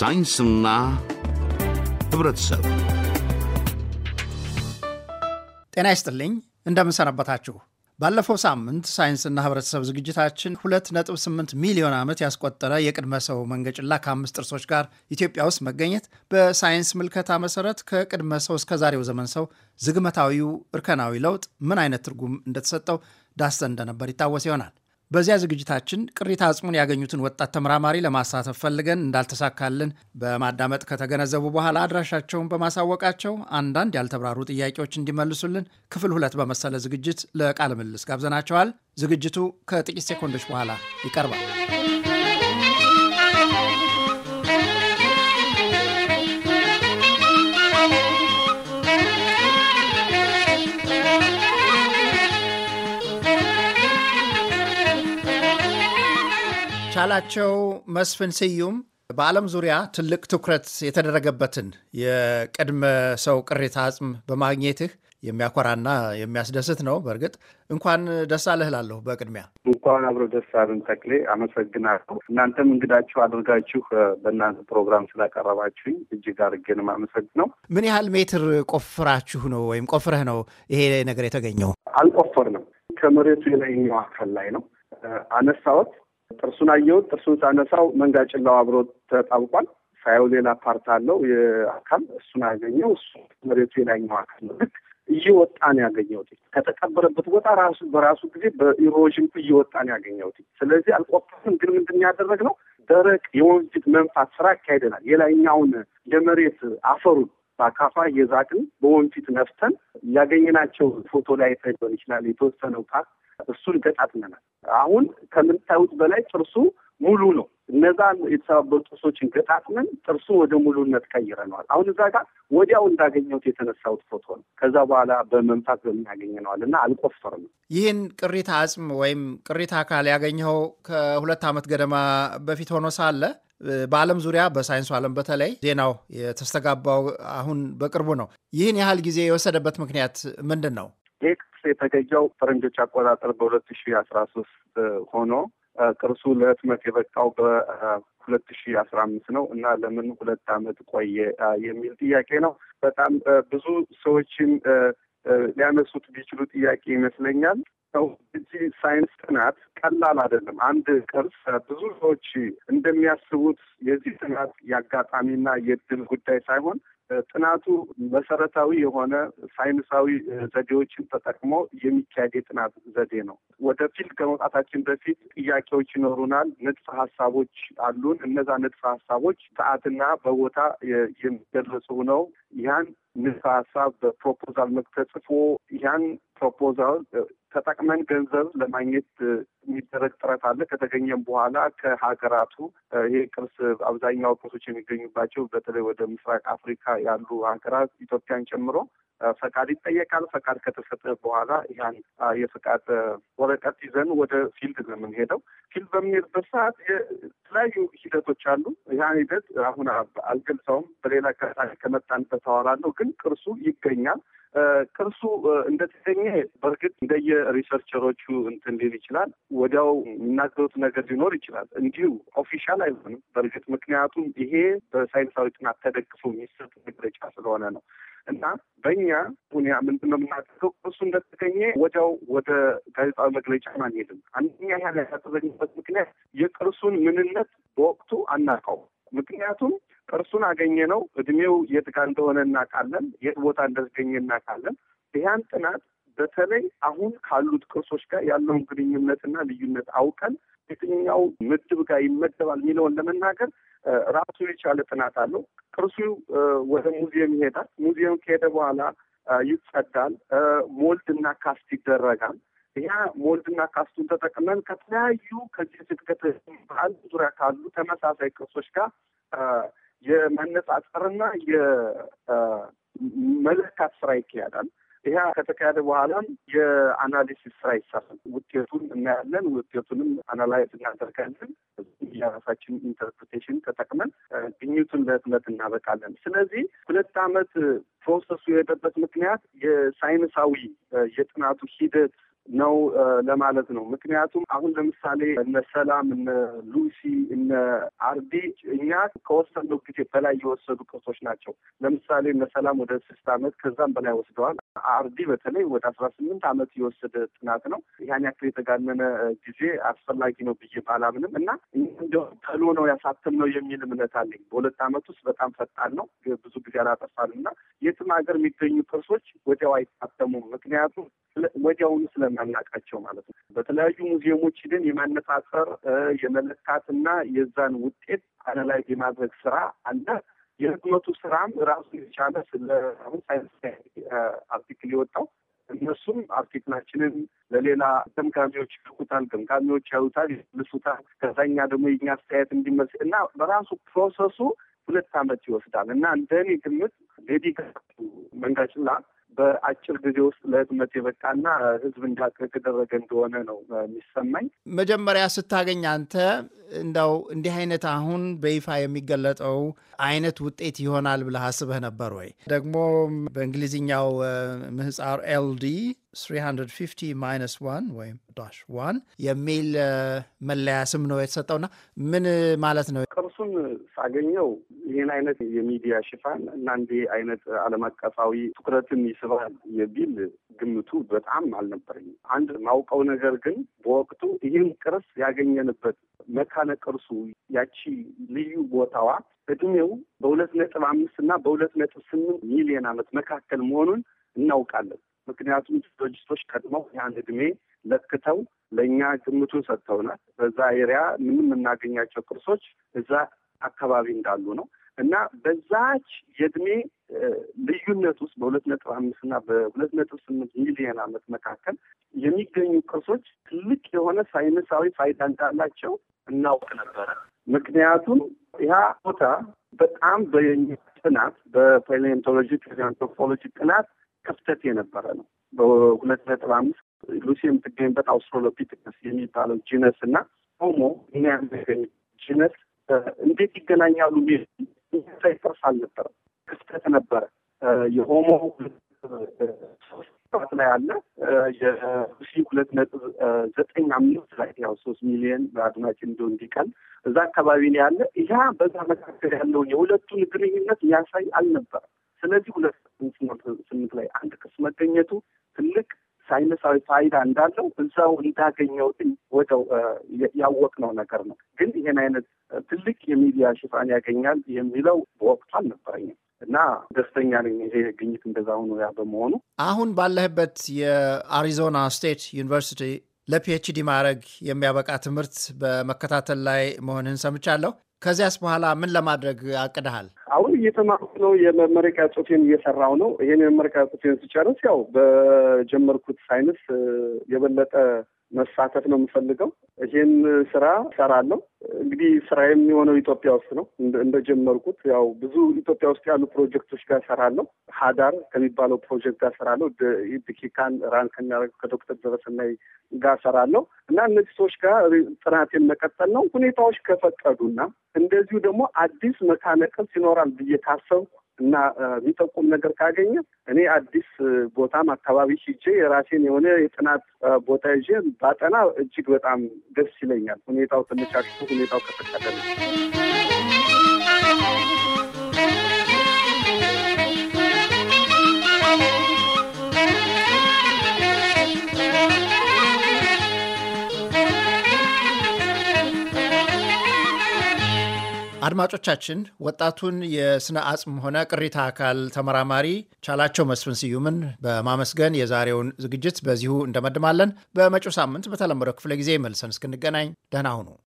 ሳይንስና ህብረተሰብ ጤና ይስጥልኝ። እንደምንሰነበታችሁ። ባለፈው ሳምንት ሳይንስና ህብረተሰብ ዝግጅታችን 2.8 ሚሊዮን ዓመት ያስቆጠረ የቅድመ ሰው መንገጭላ ከአምስት ጥርሶች ጋር ኢትዮጵያ ውስጥ መገኘት በሳይንስ ምልከታ መሰረት ከቅድመ ሰው እስከ ዛሬው ዘመን ሰው ዝግመታዊው እርከናዊ ለውጥ ምን አይነት ትርጉም እንደተሰጠው ዳሰ እንደነበር ይታወስ ይሆናል። በዚያ ዝግጅታችን ቅሪተ አጽሙን ያገኙትን ወጣት ተመራማሪ ለማሳተፍ ፈልገን እንዳልተሳካልን በማዳመጥ ከተገነዘቡ በኋላ አድራሻቸውን በማሳወቃቸው አንዳንድ ያልተብራሩ ጥያቄዎች እንዲመልሱልን ክፍል ሁለት በመሰለ ዝግጅት ለቃለ ምልልስ ጋብዘናቸዋል። ዝግጅቱ ከጥቂት ሴኮንዶች በኋላ ይቀርባል። ካላቸው መስፍን ስዩም በዓለም ዙሪያ ትልቅ ትኩረት የተደረገበትን የቅድመ ሰው ቅሪተ አጽም በማግኘትህ የሚያኮራና የሚያስደስት ነው። በእርግጥ እንኳን ደስ አለህ በቅድሚያ እንኳን አብሮ ደስ አለን ተክሌ፣ አመሰግናለሁ። እናንተም እንግዳችሁ አድርጋችሁ በእናንተ ፕሮግራም ስላቀረባችሁኝ እጅግ አድርጌ ነው ምን ያህል ሜትር ቆፍራችሁ ነው ወይም ቆፍረህ ነው ይሄ ነገር የተገኘው? አልቆፈርንም። ከመሬቱ የላይኛው አካል ላይ ነው አነሳሁት። ጥርሱን አየሁት። ጥርሱን ሳነሳው ጭላው አብሮ ተጣብቋል። ሳየው ሌላ ፓርት አለው የአካል እሱን አገኘው። እሱ መሬቱ የላኛው አካል ነው። ልክ እየወጣ ነው ያገኘሁት ከተቀበረበት ቦታ ራሱ በራሱ ጊዜ በኢሮዥን እየወጣ ነው ያገኘሁት። ስለዚህ አልቆፈርንም። ግን ምንድን ነው ደረቅ የወንፊት መንፋት ስራ ያካሄደናል። የላይኛውን የመሬት አፈሩን በአካፋ እየዛቅን በወንፊት ነፍተን ያገኘናቸው ፎቶ ላይ ሊሆን ይችላል የተወሰነው ፓርት እሱን ገጣጥመናል። አሁን ከምታዩት በላይ ጥርሱ ሙሉ ነው። እነዛን የተሰባበሩ ጥርሶችን ገጣጥመን ጥርሱ ወደ ሙሉነት ቀይረነዋል። አሁን እዛ ጋር ወዲያው እንዳገኘሁት የተነሳሁት ፎቶ ነው። ከዛ በኋላ በመምታት በምናገኘነዋል እና አልቆፈርም። ይህን ቅሪታ አጽም ወይም ቅሪታ አካል ያገኘኸው ከሁለት ዓመት ገደማ በፊት ሆኖ ሳለ በዓለም ዙሪያ በሳይንሱ ዓለም በተለይ ዜናው የተስተጋባው አሁን በቅርቡ ነው። ይህን ያህል ጊዜ የወሰደበት ምክንያት ምንድን ነው? የተገኘው ፈረንጆች አቆጣጠር በሁለት ሺ አስራ ሶስት ሆኖ ቅርሱ ለህትመት የበቃው በሁለት ሺ አስራ አምስት ነው እና ለምን ሁለት ዓመት ቆየ የሚል ጥያቄ ነው። በጣም ብዙ ሰዎችን ሊያነሱት ቢችሉ ጥያቄ ይመስለኛል። ሰው እዚህ ሳይንስ ጥናት ቀላል አይደለም። አንድ ቅርስ ብዙ ሰዎች እንደሚያስቡት የዚህ ጥናት የአጋጣሚና የእድል ጉዳይ ሳይሆን ጥናቱ መሰረታዊ የሆነ ሳይንሳዊ ዘዴዎችን ተጠቅሞ የሚካሄድ የጥናት ዘዴ ነው። ወደ ፊልድ ከመውጣታችን በፊት ጥያቄዎች ይኖሩናል። ንድፈ ሀሳቦች አሉን። እነዛ ንድፈ ሀሳቦች ሰዓትና በቦታ የሚገለጹ ነው። ያን ንድፈ ሀሳብ በፕሮፖዛል መክተጽፎ ያን ፕሮፖዛል ተጠቅመን ገንዘብ ለማግኘት የሚደረግ ጥረት አለ። ከተገኘም በኋላ ከሀገራቱ ይሄ ቅርስ አብዛኛው ቅርሶች የሚገኙባቸው በተለይ ወደ ምስራቅ አፍሪካ ያሉ ሀገራት ኢትዮጵያን ጨምሮ ፈቃድ ይጠየቃል። ፈቃድ ከተሰጠ በኋላ ያን የፈቃድ ወረቀት ይዘን ወደ ፊልድ ነው የምንሄደው። ፊልድ በምንሄድበት ሰዓት የተለያዩ ሂደቶች አሉ። ያን ሂደት አሁን አልገልጸውም፣ በሌላ ከመጣንበት አወራለሁ። ግን ቅርሱ ይገኛል። ቅርሱ እንደተገኘ በእርግጥ እንደየሪሰርቸሮቹ እንትን ሊል ይችላል። ወዲያው የሚናገሩት ነገር ሊኖር ይችላል። እንዲሁ ኦፊሻል አይሆንም። በእርግጥ ምክንያቱም ይሄ በሳይንሳዊ ጥናት ተደግፎ የሚሰጥ መግለጫ ስለሆነ ነው። እና በእኛ ሁኒያ ምንድን ነው የምናደርገው? እሱ እንደተገኘ ወዲያው ወደ ጋዜጣዊ መግለጫ አንሄድም። አንደኛ ያህል ያደረግንበት ምክንያት የቅርሱን ምንነት በወቅቱ አናውቀውም። ምክንያቱም ቅርሱን አገኘ ነው እድሜው የት እንደሆነ እናውቃለን፣ የት ቦታ እንደተገኘ እናውቃለን። ይህን ጥናት በተለይ አሁን ካሉት ቅርሶች ጋር ያለውን ግንኙነትና ልዩነት አውቀን የትኛው ምድብ ጋር ይመደባል የሚለውን ለመናገር ራሱ የቻለ ጥናት አለው። ቅርሱ ወደ ሙዚየም ይሄዳል። ሙዚየም ከሄደ በኋላ ይጸዳል። ሞልድ እና ካስት ይደረጋል። ያ ሞልድና ካስቱን ተጠቅመን ከተለያዩ ከዚህ ስድገት ዓለም ዙሪያ ካሉ ተመሳሳይ ቅርሶች ጋር የመነጻጸርና የመለካት ስራ ይካሄዳል። ይሄ ከተካሄደ በኋላም የአናሊሲስ ስራ ይሰራል። ውጤቱን እናያለን። ውጤቱንም አናላይዝ እናደርጋለን። የራሳችን ኢንተርፕሬቴሽን ተጠቅመን ግኝቱን ለህትመት እናበቃለን። ስለዚህ ሁለት አመት ፕሮሰሱ የሄደበት ምክንያት የሳይንሳዊ የጥናቱ ሂደት ነው ለማለት ነው። ምክንያቱም አሁን ለምሳሌ እነ ሰላም፣ እነ ሉሲ፣ እነ አርዲ እኛ ከወሰነው ጊዜ በላይ የወሰዱ ቅርሶች ናቸው። ለምሳሌ እነ ሰላም ወደ ስድስት አመት ከዛም በላይ ወስደዋል። አርዲ በተለይ ወደ አስራ ስምንት ዓመት የወሰደ ጥናት ነው። ያን ያክል የተጋነነ ጊዜ አስፈላጊ ነው ብዬ ባላምንም እና እንዲያውም ተሎ ነው ያሳተም ነው የሚል እምነት አለኝ። በሁለት አመት ውስጥ በጣም ፈጣን ነው። ብዙ ጊዜ አላጠፋልም እና የትም ሀገር የሚገኙ ቅርሶች ወዲያው አይታተሙም። ምክንያቱም ወዲያውኑ ስለማናቃቸው ማለት ነው። በተለያዩ ሙዚየሞች ሂደን የማነጻጸር የመለካትና የዛን ውጤት አነላይ የማድረግ ስራ አለ። የህትመቱ ስራም ራሱ የቻለ ስለ አሁን ሳይንስ አርቲክል የወጣው እነሱም አርቲክላችንን ለሌላ ገምጋሚዎች ይልኩታል፣ ገምጋሚዎች ያዩታል፣ ይልሱታል። ከዛኛ ደግሞ የኛ አስተያየት እንዲመስል እና በራሱ ፕሮሰሱ ሁለት አመት ይወስዳል እና እንደኔ ግምት ሌዲ መንጋጭላ በአጭር ጊዜ ውስጥ ለህትመት የበቃና ህዝብ እንዳቀ ደረገ እንደሆነ ነው የሚሰማኝ። መጀመሪያ ስታገኝ አንተ እንዳው እንዲህ አይነት አሁን በይፋ የሚገለጠው አይነት ውጤት ይሆናል ብለህ አስበህ ነበር ወይ? ደግሞ በእንግሊዝኛው ምህጻር ኤልዲ 350 ማይነስ ዋን ወይም ዳሽ ዋን የሚል መለያ ስም ነው የተሰጠውና ምን ማለት ነው? ቅርሱን ሳገኘው ይህን አይነት የሚዲያ ሽፋን እና እንዲህ አይነት ዓለም አቀፋዊ ትኩረትን ይስባል የሚል ግምቱ በጣም አልነበረኝ። አንድ ማውቀው ነገር ግን በወቅቱ ይህን ቅርስ ያገኘንበት መካነ ቅርሱ ያቺ ልዩ ቦታዋ እድሜው በሁለት ነጥብ አምስት እና በሁለት ነጥብ ስምንት ሚሊዮን ዓመት መካከል መሆኑን እናውቃለን። ምክንያቱም ጂኦሎጂስቶች ቀድመው ያን እድሜ ለክተው ለእኛ ግምቱን ሰጥተውናል። በዛ ኤሪያ ምንም የምናገኛቸው ቅርሶች እዛ አካባቢ እንዳሉ ነው። እና በዛች የእድሜ ልዩነት ውስጥ በሁለት ነጥብ አምስት እና በሁለት ነጥብ ስምንት ሚሊዮን ዓመት መካከል የሚገኙ ቅርሶች ትልቅ የሆነ ሳይንሳዊ ፋይዳ እንዳላቸው እናውቅ ነበረ። ምክንያቱም ያ ቦታ በጣም በየኛ ጥናት በፓሌንቶሎጂ አንትሮፖሎጂ ጥናት ክፍተት የነበረ ነው። በሁለት ነጥብ አምስት ሉሲ የምትገኝበት አውስትራሎፒቲከስ የሚባለው ጂነስ እና ሆሞ እኛ ጂነስ እንዴት ይገናኛሉ ሳይፈርስ አልነበረም። ክፍተት ነበረ። የኦሞ ሶስት ላይ አለ የሺ ሁለት ነጥብ ዘጠኝ አምስት ላይ ያው ሶስት ሚሊዮን በአድማጭ እንደ እንዲቀል እዛ አካባቢ ነው ያለ ያ በዛ መካከል ያለውን የሁለቱን ግንኙነት ያሳይ አልነበረም። ስለዚህ ሁለት ስምንት ላይ አንድ ክስ መገኘቱ ትልቅ ሳይንሳዊ ፋይዳ እንዳለው እዛው እንዳገኘውትኝ ወደው ያወቅነው ነገር ነው። ግን ይህን አይነት ትልቅ የሚዲያ ሽፋን ያገኛል የሚለው በወቅቱ አልነበረኝም እና ደስተኛ ነኝ ይሄ ግኝት እንደዛ ሆኖ ያ በመሆኑ አሁን ባለህበት የአሪዞና ስቴት ዩኒቨርሲቲ ለፒኤችዲ ማድረግ የሚያበቃ ትምህርት በመከታተል ላይ መሆንህን ሰምቻለሁ። ከዚያስ በኋላ ምን ለማድረግ አቅድሃል? አሁን እየተማርኩ ነው። የመመረቂያ ጽሁፌን እየሰራው ነው። ይሄን የመመረቂያ ጽሁፌን ስጨርስ ያው በጀመርኩት ሳይንስ የበለጠ መሳተፍ ነው የምፈልገው። ይህን ስራ ሰራለሁ። እንግዲህ ስራ የሚሆነው ኢትዮጵያ ውስጥ ነው። እንደጀመርኩት ያው ብዙ ኢትዮጵያ ውስጥ ያሉ ፕሮጀክቶች ጋር ሰራለሁ። ሀዳር ከሚባለው ፕሮጀክት ጋር ሰራለሁ። ኢድኪካን ራን ከሚያደርገው ከዶክተር ዘበሰናይ ጋር ሰራለሁ እና እነዚህ ሰዎች ጋር ጥናቴን መቀጠል ነው ሁኔታዎች ከፈቀዱና እንደዚሁ ደግሞ አዲስ መካነቅስ ይኖራል ብዬ ብዬ እና የሚጠቁም ነገር ካገኘ እኔ አዲስ ቦታም አካባቢ ሂጄ የራሴን የሆነ የጥናት ቦታ ይዤ ባጠና እጅግ በጣም ደስ ይለኛል። ሁኔታው ተመቻችቶ ሁኔታው ከተቀጠለ አድማጮቻችን ወጣቱን የስነ አጽም ሆነ ቅሪታ አካል ተመራማሪ ቻላቸው መስፍን ስዩምን በማመስገን የዛሬውን ዝግጅት በዚሁ እንደመድማለን። በመጪው ሳምንት በተለመደው ክፍለ ጊዜ መልሰን እስክንገናኝ ደህና ሁኑ።